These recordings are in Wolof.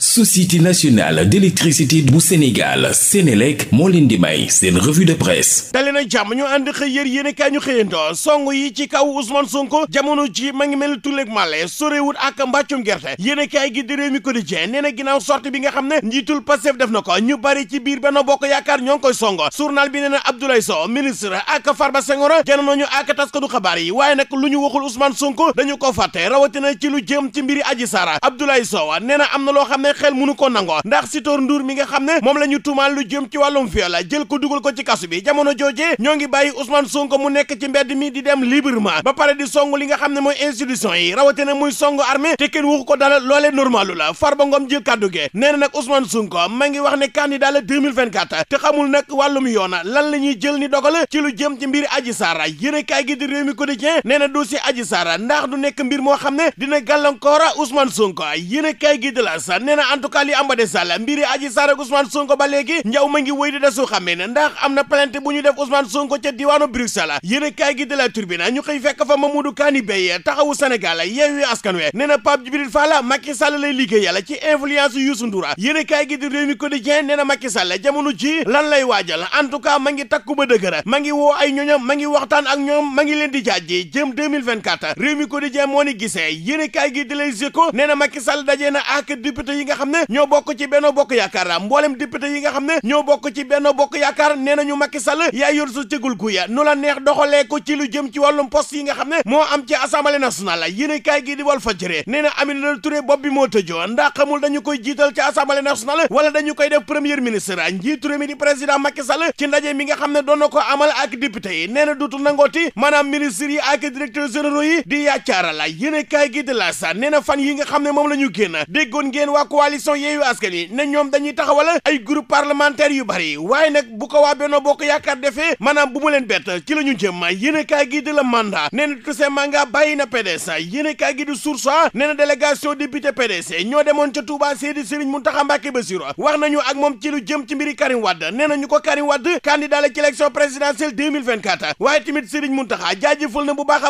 société nationale d'électricité bu Sénégal Sénélec moo leen di may seen revue de presse dali jàmm ñu ànd xëy yër yéen ñu xëyandoo song yi ci kaw Ousmane Sonko jamono ji ma mel tulleeg màlle sorewut ak mbàccum gerte yéen kaay gi di Rewmi Quotidien nee na ginnaaw sortie bi nga xam ne njiitul Pastef def na ko ñu bari ci biir Benno Bokk Yaakaar ñoo koy song journal bi nee na Abdoulaye ministre ak Farba Senghor jano nañu ñu waxul Ousmane ko fàtte rawatina ne xel munu ko nango ndax Sitor Ndour mi nga xam ne moom la ñu lu jëm ci wàllum viol jël ko ko ci kasu bi jooje ñoo ngi bàyyi Ousmane Sonko mu nekk ci mbedd mi di dem librement ba pare di song li nga xam ne mooy institution yi rawatina muy song armée te kenn waxu ko dala loolee normalu la Farba Ngom jël kàddu ge nee na nag Ousmane ngi wax ne candidat la 2024 te xamul nag wàllum yoon lan la ñuy jël ni dogal ci lu moo xam ne dina gàllankoor Ousmane Sonko yéene kaay na en tout cas la Tribune ñu lay liggéey ci influence Youssou Ndour yéen a gi di Rewmi Quotidien di jaaji moo ni gisee yéen a gi di Les Échos nee na Macky dajee na ak député yi nga xam ne ñoo bokk ci Benno Bokk Yaakaar mboolem député yi nga ne ñoo bokk ci Benno Bokk Yaakaar nee nañu Macky Sall yaa yor su cëgul guya nu la neex yi nga xam ne moo a kaay gi di Walf bi moo tëjoo ndax xamul dañu koy jiital ci Assemblée nationale wala dañu koy def premier ministre njiitu réew mi di président Macky ci ndaje mi nga xam ne doon na ko amal ak député yi nee na duutu nangooti maanaam ministre yi ak directeurs généraux yi di yaacaara la a kaay gi di la nee na fan yi nga xam ne moom la ñu génn déggoon ngeen coalition Yewwi Askan Wi ne ñoom dañuy taxawal ay groupe parlementaire yu bari waaye nag bu ko waa Benno Bokk Yaakaar defee maanaam bu mu leen bett ci la ñu jëm yéenekaay gi di la mandat nee na Toussaint Manga bàyyi na PDS yéenekaay gi di Source A nee na délégation député PDS ñoo demoon ca Touba Seydi Serigne Mountakha Mbacké Bassirou wax nañu ak moom ci lu jëm ci mbiri Karim Wade nee na ñu ko Karim Wade candidat la ci élection présidentielle 2024 waaye tamit Serigne Mountakha jaajëfal na bu baax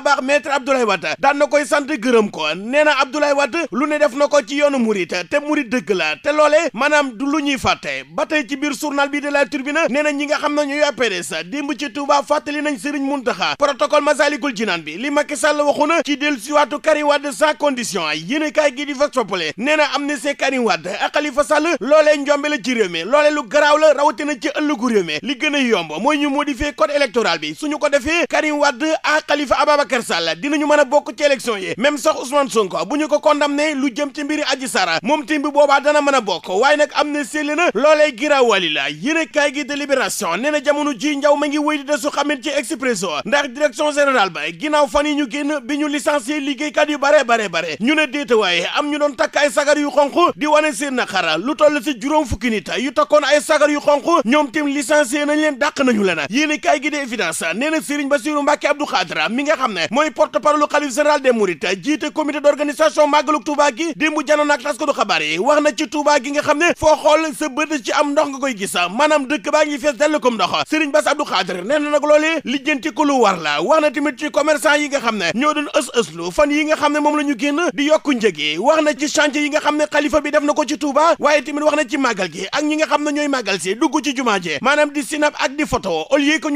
ko na Abdoulaye Wade lu ne def na ko ci yoonu Mouride murit dëgg la te loolee maanaam du lu ñuy fàtte ba tey ci biir journal bi de la Tribune na ñi nga xam ne ñooy waa PDS démb ci Touba fàttali nañ Serigne Mountakha protocole Massalikul Jinaan bi li Macky Sall waxoon na ci dellusiwaatu Karim Wade sans condition ay yéenekaay gi di Vox Populi nee na amnistie Karim Wade ak Khalifa Sall loolee njombe la ci réew mi loolee lu garaaw la rawatina ci ëllëgu réew mi li gën a yomb mooy ñu modifier code électoral bi suñu ko defee Karim Wade ak Khalifa Ababacar Sall dinañu mën a bokk sëriñ bi boobaa dana mën a bokk waaye nag am na séeli na loolee giraawali la yéen kaay gi délibération nee na jamono ji njaw ma ngi wéy di desu xamit ci expresso ndax direction générale ba ginnaaw fan yi ñu génn bi ñu licencié liggéeykat yu bare bare bare ñu ne déeta waaye am ñu doon takk ay sagar yu xonq di wane seen naqara lu toll si juróom fukki nit yu takkoon ay sagar yu xonq ñoom tim licencié nañ leen dàq nañu leen yéen kaay gi di évidence nee na sëriñ Bassirou Mbacke Abdou Khadra mi nga xam ne mooy porte-parole xalif général des mourides jiite comité d'organisation màggalu gi démb janoon yi wax na ci Touba gi nga xam ne foo xool sa bët ci am ndox nga koy gis maanaam dëkk baa ngi fees dell kom ndox Serigne Bass Abdou Khadre nee na nag loolee ko lu war la wax nga xam ne ñoo doon yi nga xam ne moom la ñu génn di yokku njëg yi wax na ci yi nga xam ne xalifa bi def na ko ci Touba waaye tamit wax na ci màggal gi ak ñi nga xam ne ñooy màggal si dugg ci jumaa ji maanaam di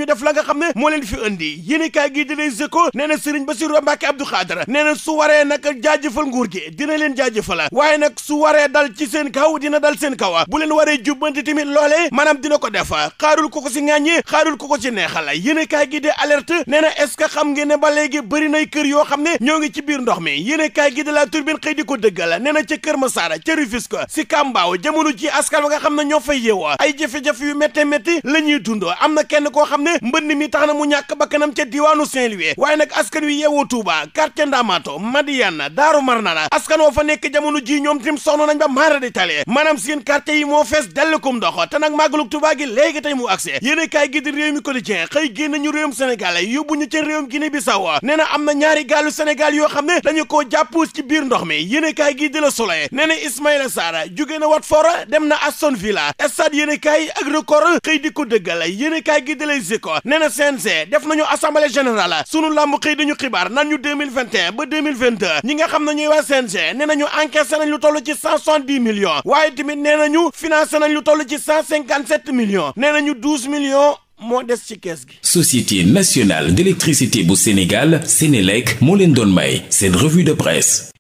def la nga xam ne moo leen fi indi yéen kaay gi di Les Échos na Serigne Bassirou Mbacké Abdou Khadre su waree nag jaajëfal nguur gi dina leen jaajëfal waaye nag su waree waree dal ci seen kaw dina dal seen kaw bu leen waree jubbanti tamit loole maanaam dina ko def xaarul ko ko si ŋàññi xaarul ko ko si neexal yéen kaay gi di alerte nee na xam ngeen ne ba léegi bëri nay kër yoo xam ne ñoo ngi ci biir ndox mi yéen kaay gi di la turbine xëy di ko dëggal nee na ca Kër Masara ca Rufisque si Kambaaw jamono ji askan wa xam ne ñoo fay yeewoo ay jafe-jafe yu métte métti la ñuy am na kenn koo xam ne mbënd mi tax na mu ñàkk bakkanam ca diwaanu Saint-Louis waaye nag askan wi yeewoo Touba quartier Ndamato Madiana Daaru Marnana askan woo fa nekk jamono ji ñoom tim nañ ba maara di tale maanaam seen quartier yi moo fees dell kum ndox te nag màggalug Tuubaa gi léegi tey mu agsi yéene kaay gi réew mi quotidien xëy génn ñu réewum Sénégal yóbbu ñu ca réewum Guinée Bissau nee na am na ñaari gaalu Sénégal yoo xam ne dañu koo jàppuus ci biir ndox mi yéene kaay gi di la Soleil nee na Ismaïla Sarr jóge na Watford dem na Aston Villa stade yéene kaay ak xëy di ko dëggal yéene kaay gi di la Ziko nee na CNG def nañu ñu 2021 ne ñooy waa CNG soixante-dix millions waaye tamit nee nañu financé nañ lu toll ci cent cinquante-sept millions nee nañu douze millions moo des ci kees gi. Société nationale d'électricité bu Sénégal Sénélec moo leen doon may seen revue de presse.